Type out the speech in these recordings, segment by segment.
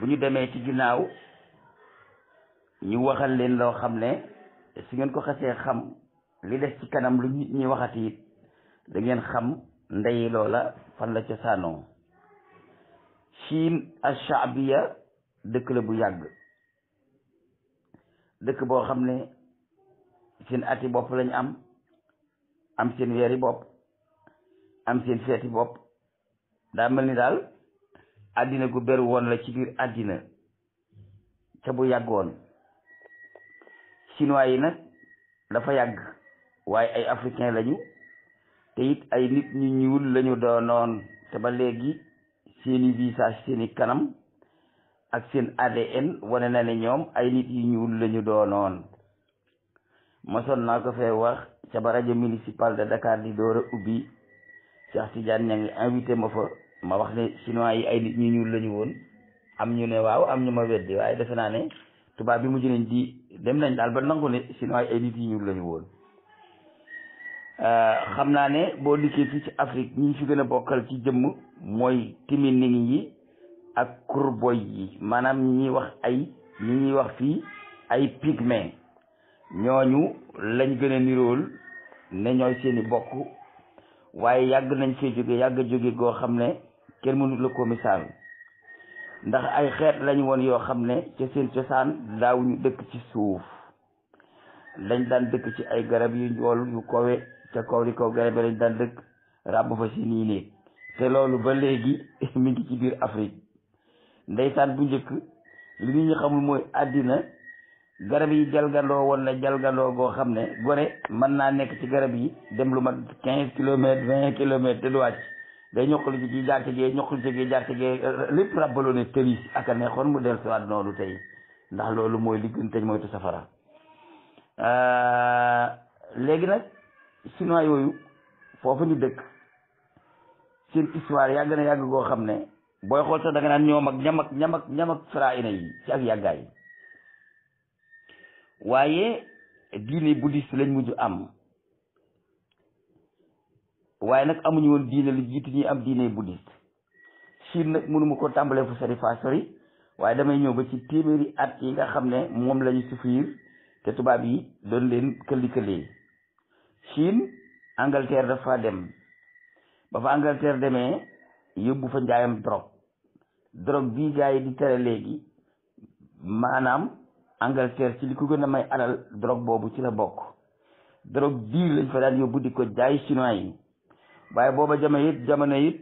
bu ñu demee ci ginnaaw ñu waxal leen loo xam ne su ngeen ko xasee xam li des ci kanam lu nit ñi waxati it da ngeen xam ndeyi loola fan la cosaanoo Chine ash-sha'biya dëkk la bu yàgg dëkk boo xam ne seen ati bopp lañ am am seen weeri bopp am seen seeti bopp daa mel ni daal àddina gu beru la ci biir àddina ca bu yàggoon chinois yi nag dafa yàgg waaye ay africain lañu te it ay nit ñu ñuul lañu doonoon te ba léegi seeni visage seeni kanam ak seen ADN wone na ne ñoom ay nit yu ñuul lañu doonoon mosoon naa ko fee wax ca ba rajo municipal de Dakar di door a ubbi Cheikh Tidiane ña ngi invité ma ma wax ne chinois yi ay nit ñu ñuul lañu woon am ñu ne waaw am ñu ma weddi waaye defe naa ne tubaab bi mujj nañ di dem nañ daal ba nangu ne chinois yi ay nit ñu ñuul lañu woon euh, xam naa ne boo dikkee fii ci Afrique ñi fi gën a bokkal ci jëmm mooy timining yi ak kurboy yi maanaam ñi ñuy wax ay ñi ñuy wax fii ay pygmée ñooñu lañ gën a nirool ne ñooy seeni bokk waaye yàgg nañ fee jóge yàgg jóge goo xam ne kenn mënut la ko misaal ndax ay xeet lañu woon yoo xam ne ca seen cosaan daawuñu dëkk ci suuf dañ daan dëkk ci ay garab yu njool yu kowe ca kaw di kaw garab yi lañ daan dëkk ràbb fa si nii néeg te loolu ba léegi mi ngi ci biir Afrique ndeysaan bu njëkk li nit ñi xamul mooy àddina garab yi jalgandoo woon na jalgandoo goo xam ne gore mën naa nekk ci garab yi dem lu mat quinze kilomètres vingt kilomètres te du wàcc day ñokkali ci kii jaar ci gee ñokkali ci gee jaar ci gee lépp rabbaloo tëris ak a neexoon mu del siwaat noonu tey ndax loolu mooy li gën tey moytu safara euh, léegi nag chinois yooyu foofu ñu dëkk seen histoire yàgg na yàgg goo xam ne booy xool sax da nga naan ñoom ak ñam ak ñam ak ñam ak faraayina yi ci ak yàggaay waaye diine bouddhiste lañ mujj am waaye nag amuñu woon diine lu jiitu ñuy am diine bouddhiste Chine nag mënuma ma ko tàmbalee fu sori faa sori waaye damay ñëw ba ci téeméeri at yi nga xam ne moom lañu ñu souffrir te tubaab yi doon leen këlli këllee Chine Angleterre dafa dem ba fa Angleterre demee yóbbu fa njaayam drogue drogue bii gars yi di tere léegi maanaam Angleterre ci li ko gën a may alal drogue boobu ci la bokk drogue biir lañ fa daan yóbbu di ko jaay chinois yi waaye booba jama it jamono it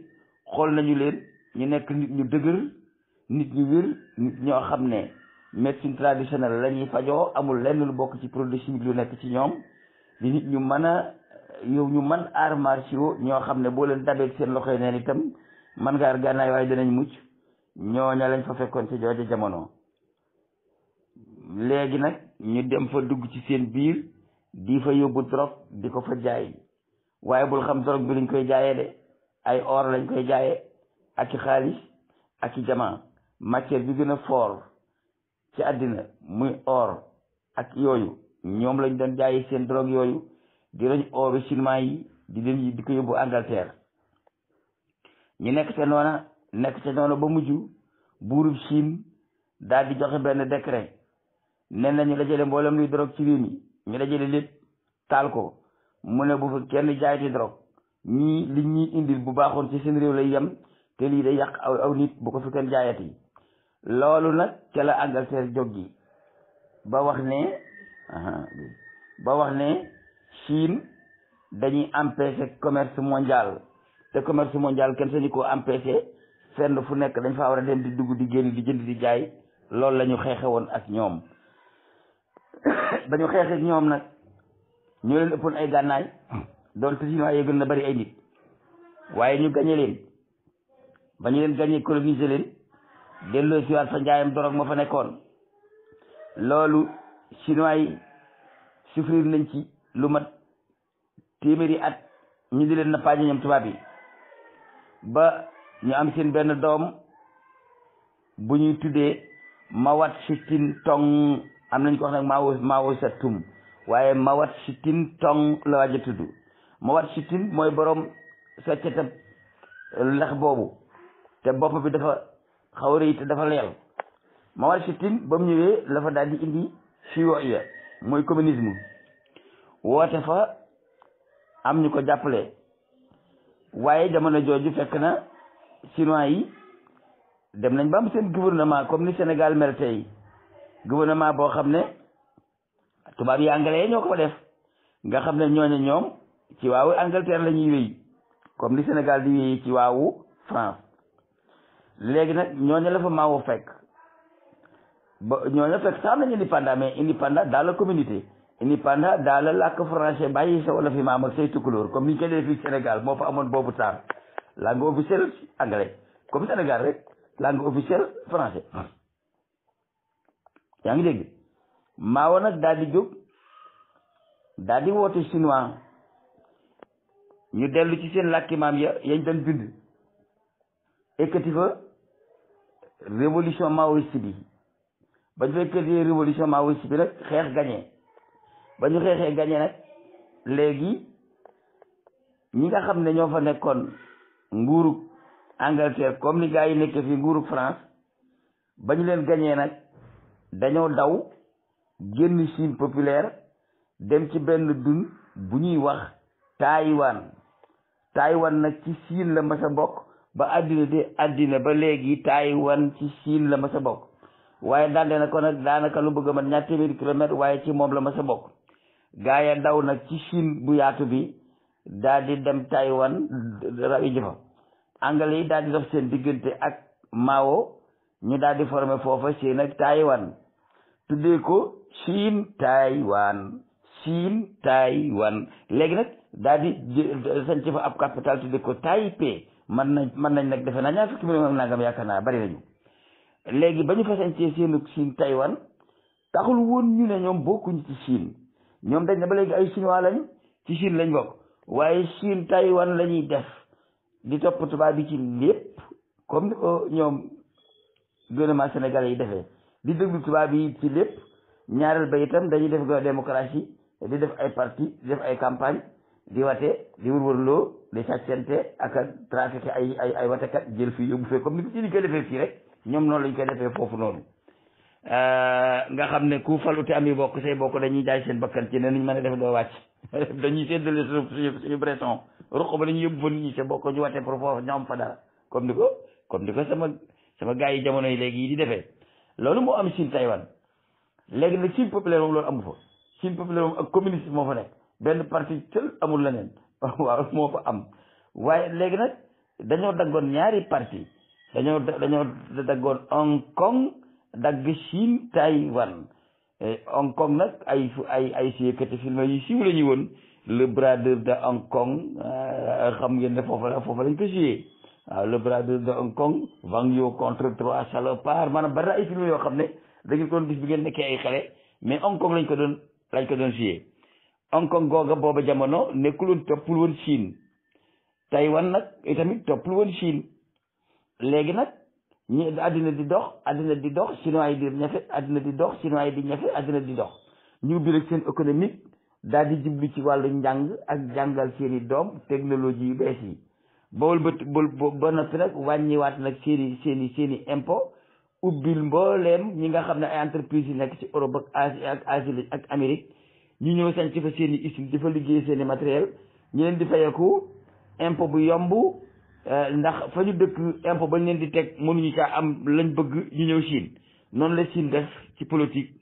xool nañu leen ñu nekk nit ñu dëgër nit ñu wér nit ñoo xam ne médecine traditionnelle lañuy ñuy fajoo amul lenn lu bokk ci produit chimique lu nekk ci ñoom di nit ñu mën a yow ñu man arts martiaux ñoo xam ne boo leen dabeeg seen loxo yi neen itam man ngaa gànnaay waaye dinañ mucc ñooña lañ fa fekkoon ci jooju jamono. léegi nag ñu dem fa dugg ci seen biir di fa yóbbu drogue di ko fa jaay waaye bul xam dorog bi luñ koy jaayee de ay or lañ koy jaayee ak i xaalis ak i jamaa matière bi gën a foor ci àddina muy or ak yooyu ñoom lañ doon jaayee seen drogue yooyu di lañ or chinois yi di leen di ko yóbbu Angleterre ñu nekk ca noona nekk ca noona ba mujj buurub Chine daal di joxe benn décret nen nañu dajale mboolem luy drogue ci réew mi ñu dajale lépp taal ko mu ne bu fa kenn jaayati drogue ñii li ñuy indil bu baaxoon ci seen réew lay yem te lii day yàq aw aw nit bu ko fi kenn jaayati loolu nag ca la Angleterre jóg gi ba wax ne ba wax ne Chine dañuy empêcher commerce mondial te commerce mondial kenn sañu ko empêcher fenn fu nekk dañ fa war a dem di dugg di génn di jënd di jaay loolu lañu xeexe woon ak ñoom ba xeexe ak ñoom nag ñoo leen ëppoon ay gànnaay doon te chinois yi gën na bari ay nit waaye ñu gañe leen ba ñu leen gañe colonisé leen delloo si waat sa njaayam dorog ma fa nekkoon loolu chinois yi souffrir nañ ci lu mat téeméeri at ñu di leen nappaaje ñoom tubaab yi ba ñu am seen benn doom bu ñuy tuddee Mawat Sitting Tong am nañ ko wax nag Mao Mao Sedtum waaye mawat sitin tong la waaj a tudd mawat sitin mooy borom feccetab lex boobu te bopp bi dafa xaw rëy te dafa leel mawat sitin ba ñëwee la fa daal di indi fiwoya mooy communisme woote fa am ñu ko jàppale waaye jamono jooju fekk na chinois yi dem nañ ba am seen gouvernement comme ni Sénégal mel tey gouvernement boo xam ne tubaab yi anglais ñoo ko def nga xam ne ñooñu ñoom ci waawu Angleterre la ñuy wéy comme li Sénégal di wéy ci waawu France léegi nag ñooñu la fa maawo fekk ba ñooñu fekk sax am nañu indépendant mais indépendant dans la communauté indépendant dans la làkk français bàyyi sa wala fi maam ak say tukulóor comme ni ñu koy Sénégal moo fa amoon boobu temps langue officielle anglais comme Sénégal rek langue officielle français yaa ngi dégg. Mao nag daal di jóg daal di woote chinois ñu dellu ci seen làkki maam ya yañ doon bind ekkati fa révolution maoïste bi ba ñu fa ekkatee révolution maoïste bi nag xeex gañee ba ñu xeexee gañe nag léegi ñi nga xam ne ñoo fa nekkoon nguurug Angleterre comme ni gaa yi nekkee fi nguurug France ba leen gañee nag dañoo daw génn Chine populaire dem ci benn dun bu ñuy wax Taïwan Taïwan nag ci Chine la mas bokk ba àddina di àddina ba léegi Taïwan ci Chine la mas bokk waaye dande na ko daanaka lu bëgg a mat ñaar téeméeri waaye ci moom la mas bokk gaa ya daw nag ci Chine bu yaatu bi daal di dem Taïwan rabi ji fa anglais yi daal di seen diggante ak Mao ñu daal di former foofa seen ak Taïwan tuddee Chine Taïwan Chine Taïwan léegi nag daal di sañc fa ab capital tudde ko Taipei man nañ mën nañ nag defe naa ñaar fukki million nangam yaakaar naa bari nañu léegi ba ñu fa sañcee seenu Chine Taïwan taxul woon ñu ne ñoom bokkuñ ci Chine ñoom dañ ne ba léegi ay chinois lañ ci siin lañ bokk waaye Chine Taïwan la ñuy def di topp tubaab yi ci lépp comme ni ko ñoom gouvernement senegal yi defee di déglu tubaab yi ci lépp ñaareel ba itam dañuy def go démocratie di def ay parti di def ay campagne di wate di wërwërloo di sàccante ak ak trafiqué ay ay ay watekat jël fii yóbbu fee comme ni ko ñu koy defee fii rek ñoom noonu lañ koy defee foofu noonu euh, nga xam ne ku falute am yi bokk say bokk dañuy jaay seen bakkan ci ne nuñ mën a def doo wàcc dañuy séddale suñu suñu breton ruq ba dañuy yóbbu fa nit ñi sa bokk ñu wate pour foofu ñoom fa dara comme ni ko comme ni ko sama sama yi jamono yi léegi yi defee loolu moo am Chine Taïwan léegi nag Chine populaire moom loolu amu fa Chine populaire moom ak communiste moo fa nekk benn parti tël amul leneen waaw moo ko am waaye léegi nag dañoo daggoon ñaari partie dañoo dañoo daggoon Hong Kong dagg Chine Taïwan Hong Kong nag ay ay ay siykati film yu siiw la ñu woon le bradeur de Hong Kong euh, xam ngeen ne foofu la foofu lañ ko siyee waaw le bradeur de Hong Kong Wang Yo contre trois salopards maanaam bari na ay film yoo xam ne da ko doon gis ngeen nekkee ay xale mais Hong Kong lañ ko doon lañ ko doon siyee Hong Kong googa booba jamono nekkul woon toppul woon Chine Taïwan nag itamit toppul woon Chine léegi nag ñu àddina di dox àddina di dox chinois yi di ñafe àddina di dox chinois yi di ñafe di dox ñu ubbi rek seen économique daal di jublu ci wàllu njàng ak jàngal seeni doom technologie yu bees yi bawul ba ba noppi nag wàññiwaat nag seeni seeni seeni impôt ubbil mbooleem ñi nga xam ne ay entreprise yi nekk ci Europe ak Asie ak Asie ak Amérique ñu ñëw sañ ci fa seen i usine di fa liggéey seen i matériel ñu leen di fayeku impôt bu yomb euh, ndax fa ñu dëkk impôt bañ leen di teg mënuñu caa am lañ bëgg ñu ñëw Chine noonu la Chine def ci politique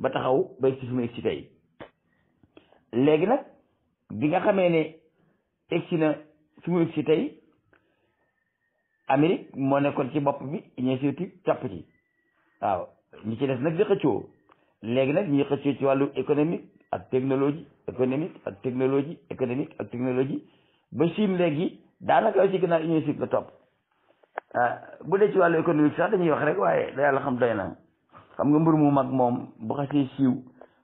ba taxaw bay si fi mu egsi tey léegi nag bi nga xamee ne egsi na fi mu egsi tey Amérique moo nekkoon ci bopp bi ñee surtout topp ci waaw ñi ci des nag di xëccoo léegi nag ñuy xëccoo ci wàllu économique ak technologie économique ak technologie économique ak technologie ba Chine léegi daanaka aussi gannaaw Union soviétique la topp ah, bu dee ci wàllu économique sax dañuy wax rek waaye da yàlla xam doy na xam nga mbir mu mag moom bu xasee siiw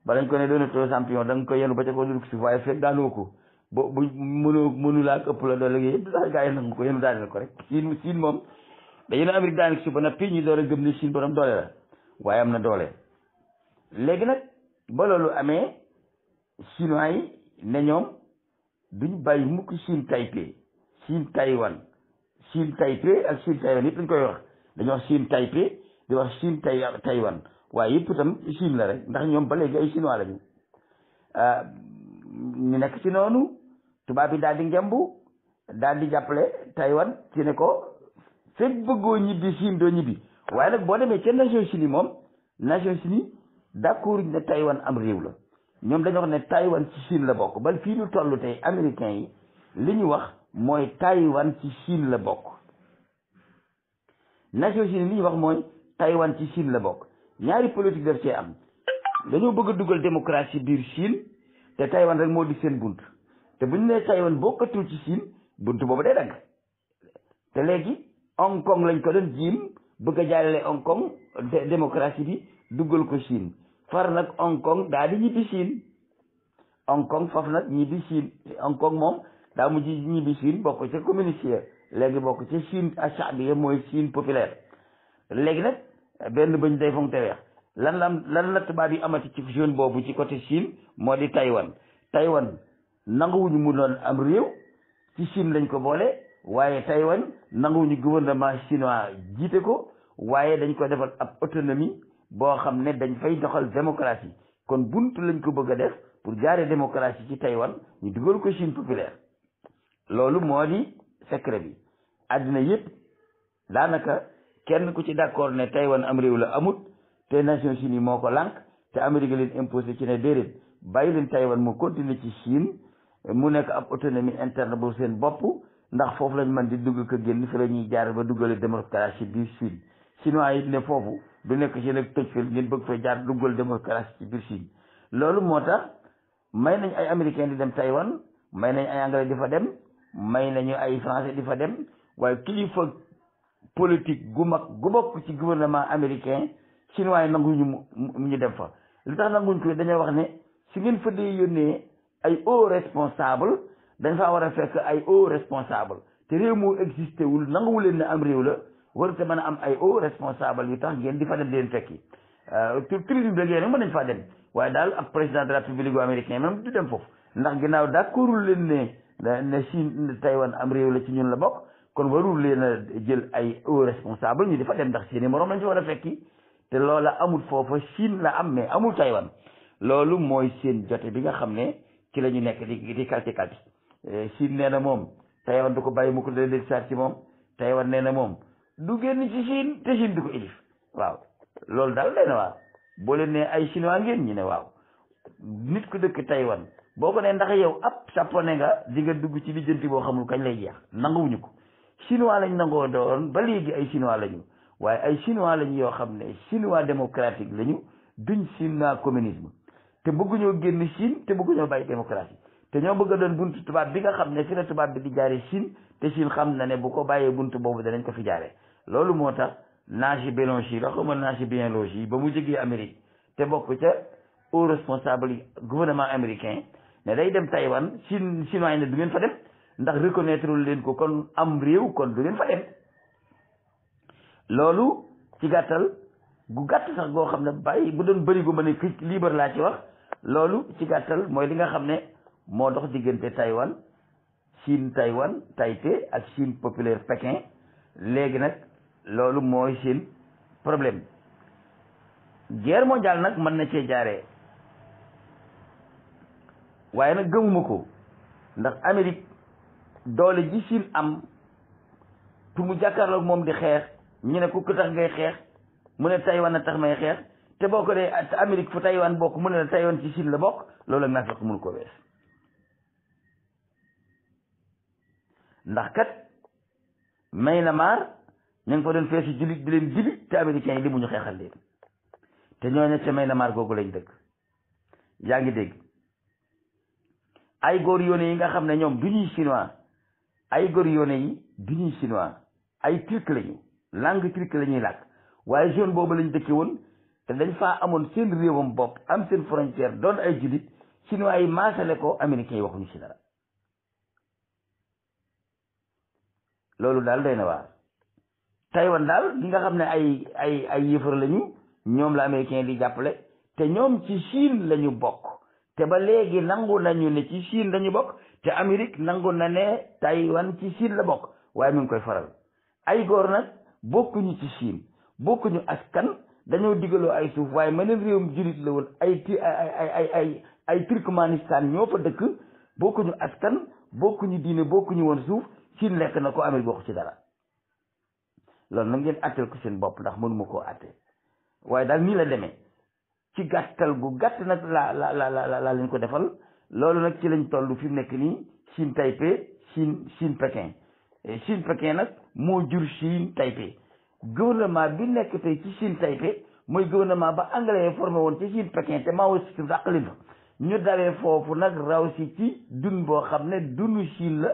ba lañ ko ne doonatoo champion da nga ko yenu ba ca ko dul suuf waaye fekk daanoo ko bo bu mënoo mënulaa ak ëpp la doole gi yëpp daal ko rek Chine moom dañu ne Amérique daaneel si ba noppi ñu doole gëm ne Chine borom doole la waaye am na doole léegi nag ba loolu amee chinois yi ne ñoom duñ bàyyi mukk Chine Taipei Chine Taïwan Chine Taipei ak dañ koy wax dañuy wax Chine Taipei di wax Chine tay Taïwan waaye yëpp itam Chine la rek ndax ñoom ba léegi ay chinois lañu ah, ñu nekk ci noonu. tubaab yi daal di ngembu daal di jàppale Taïwan ci ne ko fekk bëggoo ñibbi Chine doo ñibbi waaye nag boo demee ca Nations Unies moom Nations Unies d'accord ne Taïwan am réew la ñoom dañoo xam ne Taïwan ci siin la bokk bal fii ñu toll tey américains yi li ñu wax mooy Taïwan ci Chine la bokk Nations Unies li ñu wax mooy Taïwan ci Chine la bokk ñaari politique daf cee am dañoo bëgg a dugal démocratie biir siin te Taïwan rek moo di seen bunt te bu ñu nee Taïwan bokkatul ci Chine bunt boobu day dagg te léegi Hong Kong lañ ko doon jiim bëgg a jàllale Hong Kong démocratie bi duggal ko Chine far nag Hong Kong daa di ñibbi Chine Hong Kong faf nag ñibbi Chine Hong Kong moom daa mujj ñibbi Chine bokk ca communiste ya léegi bokk ca Chine achabiya mooy Chine populaire léegi nag benn bëñ day fonk te weex lan la lan la tubaab yi amati ci jeune boobu ci côté Chine moo di Taïwan Taïwan nanguwuñu mu doon am réew ci Chine lañ ko boole waaye Taïwan nanguwuñu gouvernement chinois jiite ko waaye dañ ko defal ab autonomie boo xam ne dañ fay doxal démocratie kon bunt lañ ko bëgg a def pour jaare démocratie ci Taïwan ñu dugal ko Chine populaire loolu moo di secret bi àddina yépp daanaka kenn ku ci d'accord ne Taïwan am réew la amut te Nations Unies moo ko lànk te Amérique leen imposé ci ne déedéet bàyyi leen Taïwan mu continuer ci Chine mu nekk ab autonomie interne bu seen bopp ndax foofu lañ mën di dugg ko génn fi la ñuy jaar ba duggale démocratie biir Chine chinois yi ne foofu du nekk ci nag toj fil loolu moo tax may nañ ay américain di dem Taïwan may nañ ay anglais di fa dem may nañu ay français di fa dem waaye kilifa politique gu mag gu bokk ci gouvernement américain chinois yi nanguñu mu ñu dem fa li tax nanguñ ko dañoo wax ne si ngeen fa dee ay haut responsable dañ faa war a fekk ay haut responsable te réew moo existé wul nanguwu leen ne am réew la war te mën a am ay o responsable yu tax ngeen di fa dem leen fekki euh, tourisme de guerre mën nañ faa dem waaye daal ab président de la république bu américain même du dem foofu ndax ginnaaw d'accordul leen ne ne Chine Taïwan am réew la ci ñun la bokk kon warul leen a jël ay haut responsable ñu di fa seeni moroom lañ ci war a fekki te loola amul foofa Chine la am mais amul Taïwan loolu mooy seen jote bi nga xam ne ci la ñu nekk di di kàcce kàcce Chine nee na moom Taïwan du ko bàyyi mu ko leen di saar ci moom Taïwan nee na moom du génn ci Chine te Chine du ko élif waaw loolu daal nee waaw boo leen nee ay chinois ngeen ñu ne waaw nit ku dëkk Taïwan boo ko nee ndax yow ab sapone nga di nga dugg ci lijjanti boo xamul kañ lay jeex nanguwuñu ko waa lañ nangoo doon ba léegi ay chinois lañu waaye ay chinois lañ yoo xam ne chinois démocratique lañu duñ chinois communisme te bëgguñoo génn Chine te bëgguñoo bàyyi démocratie te ñoo bëgg a doon bunt tubaab bi nga xam ne fi la tubaab bi di jaaree Chine te Chine xam na ne bu ko bàyyee bunt boobu danañ ko fi jaaree loolu moo tax Naji Beloshi la xaw ma Naji Beloshi ba mu jógee Amérique te bokk ca au responsable gouvernement américain mais day dem Taïwan Chine chinois yi ne du ngeen fa dem ndax reconnaître leen ko kon am réew kon du ngeen fa dem loolu ci gàttal gu gàtt sax goo xam ne bàyyi bu doon bëri gu ma ne libre laa ci wax. loolu ci gàttal mooy li nga xam ne moo dox diggante Taïwan Chine Taïwan Taipei ak Chine populaire Pékin léegi nag loolu mooy seen problème guerre mondiale nag mën na cee jaaree waaye nag gëmuma ko ndax Amérique doole ji Chine am pour mu moom di xeex ñu ne ku ko tax ngay xeex mu ne Taïwan a tax may xeex te boo ko dee Amérique fu Taïwan bokk mu ne la Taïwan ci Chine la bokk loolu ak naafeq mënu ko wees ndax kat may na maar ñu ngi fa doon feesu jullit di leen jibi te américains yi li mu ñu xeexal leen te ñooñu ca may na maar googu lañ dëkk yaa ngi dégg ay góor yoone yi nga xam ne ñoom du ñuy chinois ay góor yoone yi du ñuy chinois ay turc lañu langue turc la ñuy làkk waaye zone boobu lañ dëkke woon te dañ faa amoon seen réewam bopp am seen frontière doon ay jullit chinois yi maasale ko américains yi waxuñu si dara loolu daal doy na waar Taïwan daal ñi nga xam ne ay ay ay yëfar lañu ñoom la américain di jàppale te ñoom ci Chine lañu bokk te ba léegi nangu nañu ne ci Chine lañu bokk te Amérique nangu na ne Taïwan ci Chine la bokk waaye mi ngi koy faral ay góor nag bokkuñu ci Chine bokkuñu askan dañoo diggaloo ay suuf waaye meneen réewum jullit la woon ay ti ay ay ay ay ay Turkmanistan ñoo fa dëkk bokkuñu askan bokkuñu diine bokkuñu woon suuf Chine lekk na ko Amérique bokku ci dara loolu nag ngeen atteel ko seen bopp ndax mënuma koo attee waaye daal nii la demee ci gàttal gu gàtt nag laa la la la laa leen ko defal loolu nag ci lañ toll fi mu nekk nii Chine Taipei Chine Chine Pékin eh, Chine Pékin nag moo jur Chine Taipei gouvernement bi nekk tey ci Chine Taipei mooy gouvernement ba anglais yi formé woon ci Chine Pékin te Mao si dàqali fa ñu dawee foofu nag raw si ci dun boo xam ne dunu Chine la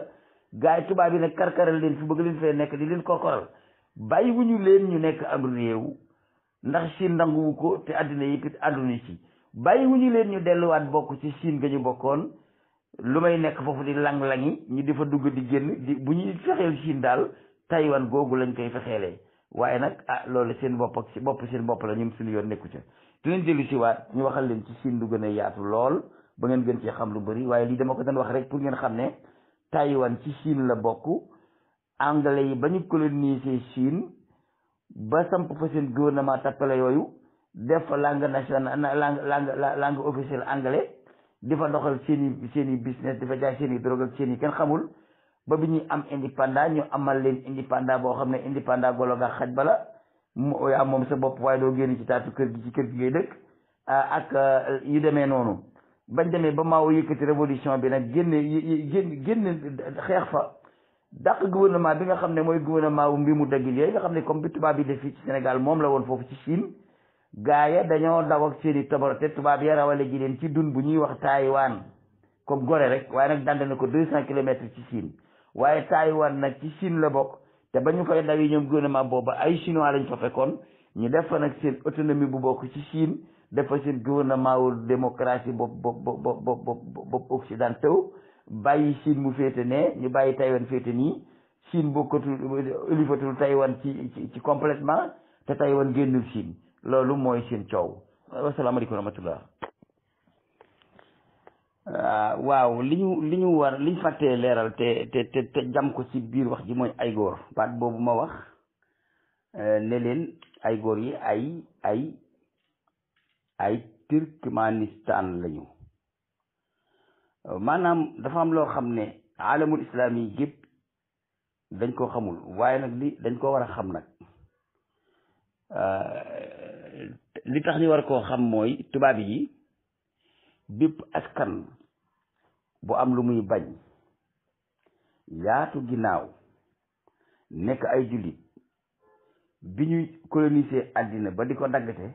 gars tubaab yi nag karkaral leen fi bëgg leen fee nekk di leen korkoral bàyyi wu ñu leen ñu nekk am réew ndax Chine nanguwu ko te àddina yi it ànduñu ci bàyyi wu ñu leen ñu delluwaat bokk ci Chine ga ñu bokkoon lu may nekk foofu di lang-langi ñu di fa dugg di génn di bu ñuy fexeel Chine daal Taïwan googu lañ koy fexeelee waaye nag ah loolu seen bopp ak si bopp seen bopp la ñoom suñu yoon nekku ca dinañ dellu si waat ñu waxal leen ci siin lu gën a yaatu lool ba ngeen gën cee xam lu bari waaye lii dama ko doon wax rek pour ngeen xam ne Taïwan ci siin la bokk anglais yi ba ñu coloniser Chine ba samp fa seen gouvernement tappale yooyu def fa langue nationale langue langue langue officielle anglais di fa doxal seen i seen i business di fa jaay seen yi drogue ak seen yi kenn xamul ba bi ñu am indépendant ñu amal leen indépendant boo xam ne indépendant golo ga xaj bala mu yaa moom sa bopp waaye doo génn ci taatu kër gi ci kër gi ngay dëkk ah, ak euh, yu demee noonu bañ demee ba Mao yëkkati révolution bi nag génne génn génn euh, xeex fa dàq gouvernement bi nga xam ne mooy gouvernement wu mbi mu daggil yooyu nga xam ne comme bi tubaab yi def fii ci Sénégal moom la woon foofu ci Chine gaaya dañoo daw ak seeni te tubaab yaram rawale ji leen ci dun bu ñuy wax Taïwan comme Gorée rek waaye nag dànd na ko deux cent kilomètres ci Chine waaye Taïwan nag ci Chine la bokk te ba ñu koy dawi ñoom gouvernement booba ay chinois lañ fa fekkoon ñu def fa nag seen autonomie bu bokk ci Chine def fa seen gouvernement wu bo bopp bopp bopp bopp bopp bàyyi Chine mu féete ne ñu bàyyi Taïwan féete nii Chine bokkatul ilifatul Taïwan ci ci ci complètement te Taïwan génnul Chine loolu mooy seen coow wasalaamaaleykum wa rahmatullah Euh, waaw li ñu li ñu war li ñu fàttee leeral te te te te jam ko ci biir wax ji mooy ay góor baat boobu ma wax euh, ne leen ay góor yi ay ay ay Turkmanistan lañu maanaam dafa am loo xam ne alamul islaam yi gépp dañ koo xamul waaye nag li dañ koo war a xam nag euh, li tax ñu war koo xam mooy tubaab yi bépp askan bu am lu muy bañ yaatu ginnaaw nekk ay jullit bi ñuy coloniser àddina ba di ko daggate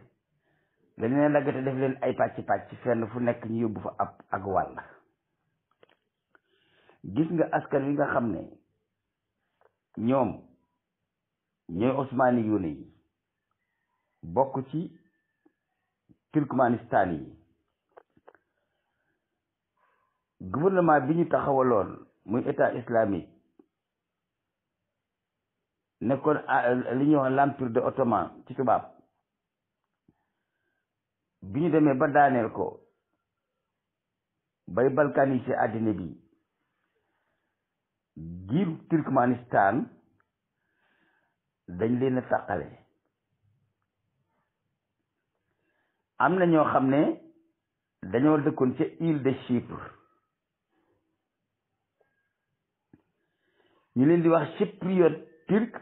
dañ leen daggate def leen ay pàcc pàcc fenn fu nekk ñu yóbbu fa ab ak wàll gis nga askan wi nga xam ne ñoom ñooy osmaani yoone yi bokk ci turkmanistan yi gouvernement bi ñu taxawaloon muy état islamique nekkoon euh, li ñuy wax l'empire de ottoman ci tubaab bi ñu demee ba daaneel ko bay balkanisé àddina bi giir Turkmenistan dañ leen a tàqale am na ñoo xam ne dañoo dëkkoon ca île de Chypre ñu leen di wax chypriote turc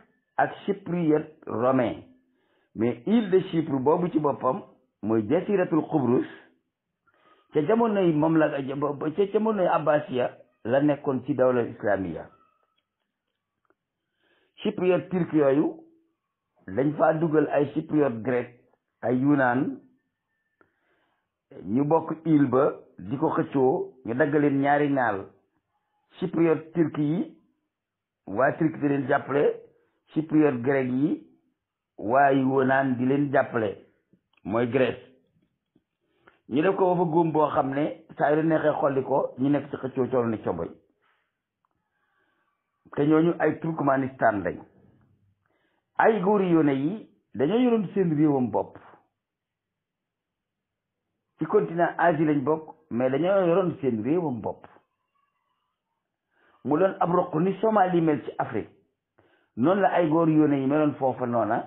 ak chypriote romain mais île de Chypre boobu ci boppam mooy jasiratul Xubrus ca jamonoy moom la ca jamonoy abbasiya la nekkoon ci dawla islamiya chypriote turc yooyu dañ faa dugal ay chypriote grec ay yunaan ñu bokk île ba di ko xëccoo ñu leen ñaari naal chypriote turc yi waa turc di leen jàppale ci chypriote grec yi waa yunaan di leen jàppale mooy Grèce ñu def ko ba fa góom boo xam ne saa yu neexee xolli ko ñu nekk ci xëccoo cool ne coboy te ñooñu ay turkmanistan lañ ay góori yone yi dañoo yoroon seen réewam bopp ci continent Asie lañ bokk mais dañoo yoroon seen réewam bopp mu doon ab roq ni Somalie mel ci Afrique noonu la ay góor yónne yi meloon foofa noona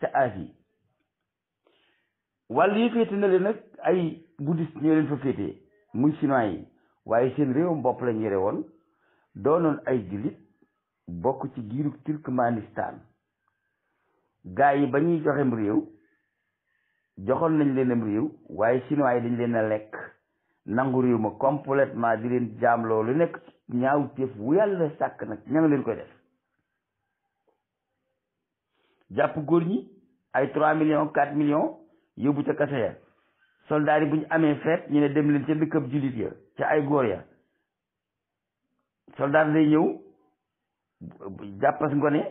ca Asie wàll yi féete na leen nag ay bouddhiste ñoo leen fa féete muy chinois yi waaye seen réew bopp la yére yore woon doonoon ay jullit bokk ci giiru Turkmanistan gaa yi ba ñuy joxem réew joxoon nañ leenam réew waaye chinois yi dañ leen a lekk nangu réew ma complètement di leen jaamloo lu nekk ñaaw téef wu yàlla sàkk nag ña leen koy def jàpp góor ñi ay trois millions quatre millions yóbbu ca kasa ya soldaar yi bu ñu amee feet ñu ne dem leen ca dëkkab jullit ya ca ay góor ya soldaar day ñëw jàppas ngone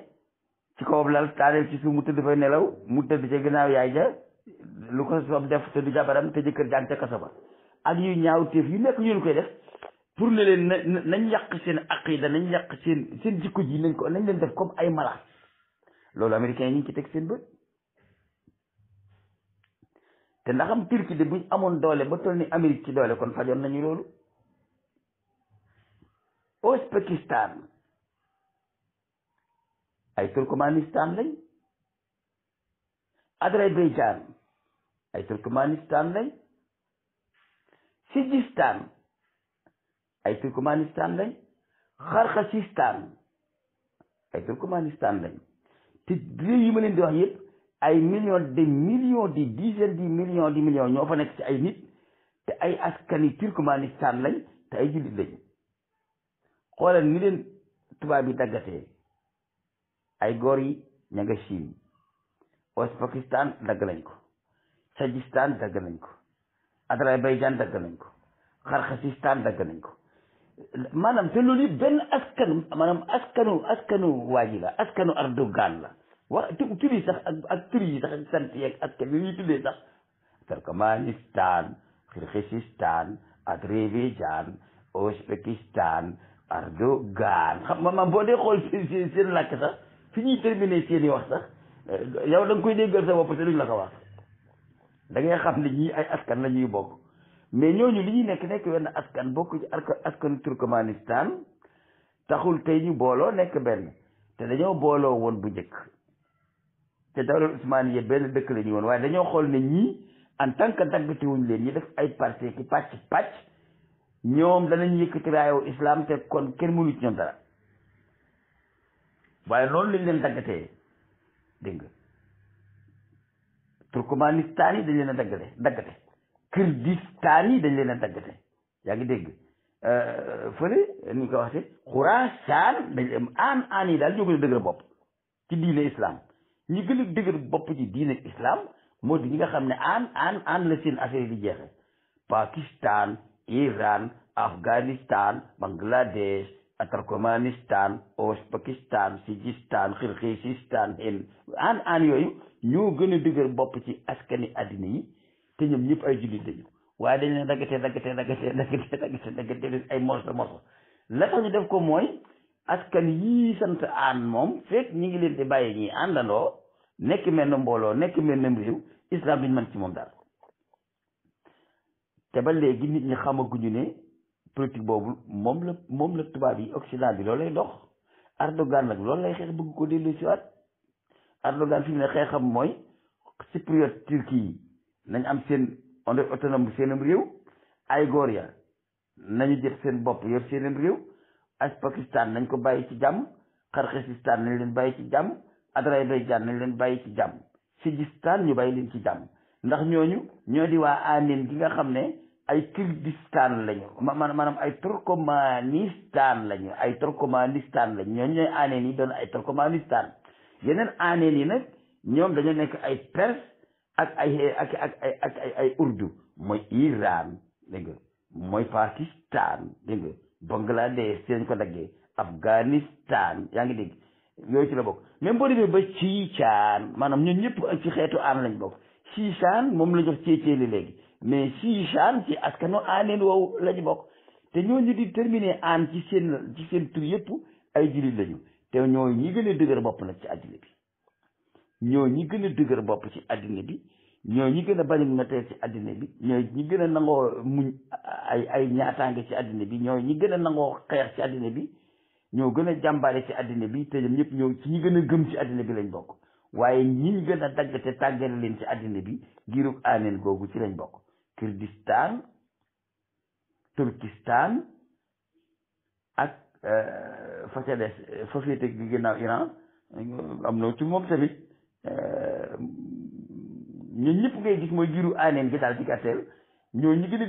ci kawam lal taaleel ci suuf mu tëdd fay nelaw mu tëdd ca gannaaw yaay ja lu ko soob def te du jabaram te jëkkër jaan ca kasa ba ak yu ñaaw téef yu nekk ñu koy def pour ne leen na nañ yàq seen aqida nañ yàq seen seen jikko ji nañ ko nañ leen def comme ay malaat loolu américains yi ñu ngi ci teg te ndax am turki de buñ amoon doole ba toll ni Amérique ci doole kon fajoon nañu loolu Ouzbékistan ay Turkmanistan lañ Azerbaïdjan ay Turkmanistan lañ Sijistan ay turkmanistan lañ xarxasistan ah. ay turkmanistan lañ te réew yi ma leen di wax yëpp ay millions de millions de dizaines ñoo fa nekk ci ay nit te ay askani turkmanistan lañ te ay jullit lañ xoolal ni leen tubaab yi daggatee ay góor yi ña nga Chine dagg nañ ko Sajistan dagg nañ ko Azerbaïdjan dagg nañ ko Xarxasistan dagg nañ ko maanaam te loolu yëpp benn askanu maanaam askanu askanu waa ji la askanu Erdogan la wax tur yi sax ak ak tur yi sax ak sant yeeg askan yi ñuy tuddee sax Turkmanistan Kirghizistan Azerbaïdjan Ouzbékistan Erdogan xam nga maam boo dee xool seen seen làkk sax fi ñuy terminé seen i wax sax eh, yow da nga koy déggal sa bopp te la ko wax da ngay xam ne ñii ay askan la ñuy bok mais ñooñu li ñuy nekk nekk wenn askan bokk ci askanu Turkmanistan taxul tey ñu booloo nekk benn te dañoo booloo woon bu njëkk te dawlal Usmaniya benn dëkk la woon waaye dañoo xool ne ñii en tant que daggatiwuñ leen ñi def ay parti ki pàcc pàcc ñoom danañ yëkkati raayaw islam te kon kenn mënu ci ñoom dara waaye noonu lañ leen daggatee dégg nga yi dañ leen a daggate daggate Kurdistan yi dañ leen a daggate yaa ngi dégg euh, fële ni ñu ko waxee Xuraasaan dañ aan aan daal ñoo gën a dëgër bopp ci diine islam ñu gën dëgër bopp ci diine islam moo di ñi nga xam ne aan aan aan la seen affaire di jeexe Pakistan Iran Afghanistan Bangladesh Turkmenistan Ouzbékistan Sijistan Kirgizistan Hind aan aan yooyu ñoo gën a dëgër bopp ci askani addina yi te ñoom ñëpp ay jullit lañu waaye dañ leen dagatee dagatee dagatee dagatee dagatee dagatee leen ay morso morso la tax ñu def ko mooy askan yii sant aan moom fekk ñi ngi leen di bàyyi ñii àndandoo nekk mel na mbooloo nekk mel na réew islam duñ mën ci moom daal te ba léegi nit ñi xamaguñu ne politique boobu moom la moom la tubaab yi occident bi loolu lay dox Erdogan nag loolu lay xeex bëgg ko dellu si waat Erdogan fi mu ne xeexam mooy cypriote turquie yi nañ am seen on autonome seenam réew ay góor ya nañu jëf seen bopp yor seenam réew ak Pakistan nañ ko bàyyi ci jàmm Kyrgyzstan nañ leen bàyyi ci jàmm Azerbaïdjan nañ leen bàyyi ci jàmm Sidistan ñu bàyyi leen ci jàmm ndax ñooñu ñoo di waa anin gi nga xam ne ay Kyrgyzstan lañu maanaam ay Turkmanistan lañu ay Turkmanistan lañu ñooñu ñooy anin yi doon ay Turkmanistan yeneen anin yi nag ñoom dañoo nekk ay Perse ak ay ak ak ay ak ay ay urdu mooy Iran dégg nga mooy Pakistan dégg nga Bangladesh seen ko daggee Afghanistan yaa ngi dégg yooyu ci la bokk même boo demee ba Siicaan maanaam ñun ñëpp ci xeetu aan lañ bokk Siicaan moom la jox li léegi mais Siicaan ci askanu aaneen woowu lañ bokk te ñooñu di terminer aan ci seen ci seen tur yëpp ay jullit lañu te ñooy ñii gën a dëgër bopp nag ci àddina bi. ñoo ñi gën a dëgër bopp ci àddina bi ñoo ñi gën a bari noteer ci àddina bi ñoo ñi gën a nangoo muñ ay ay ñaataange ci àddina bi ñoo ñi gën a nangoo xeex ci àddina bi ñoo gën a jàmbaare ci àddina bi te ñoom ñëpp ñoo ci ñi gën a gëm ci àddina bi lañ bokk waaye ñi gën a dagg te tàggale leen ci àddina bi giirug aaneen googu ci lañ bokk Kurdistan Turkistan ak euh, fa ca des fa féete gi ginnaaw Iran am na ci moom tamit ñooñu euh, ñëpp ngay gis mooy giiru aaneen gi daal ci gàttal ñoo ñi gën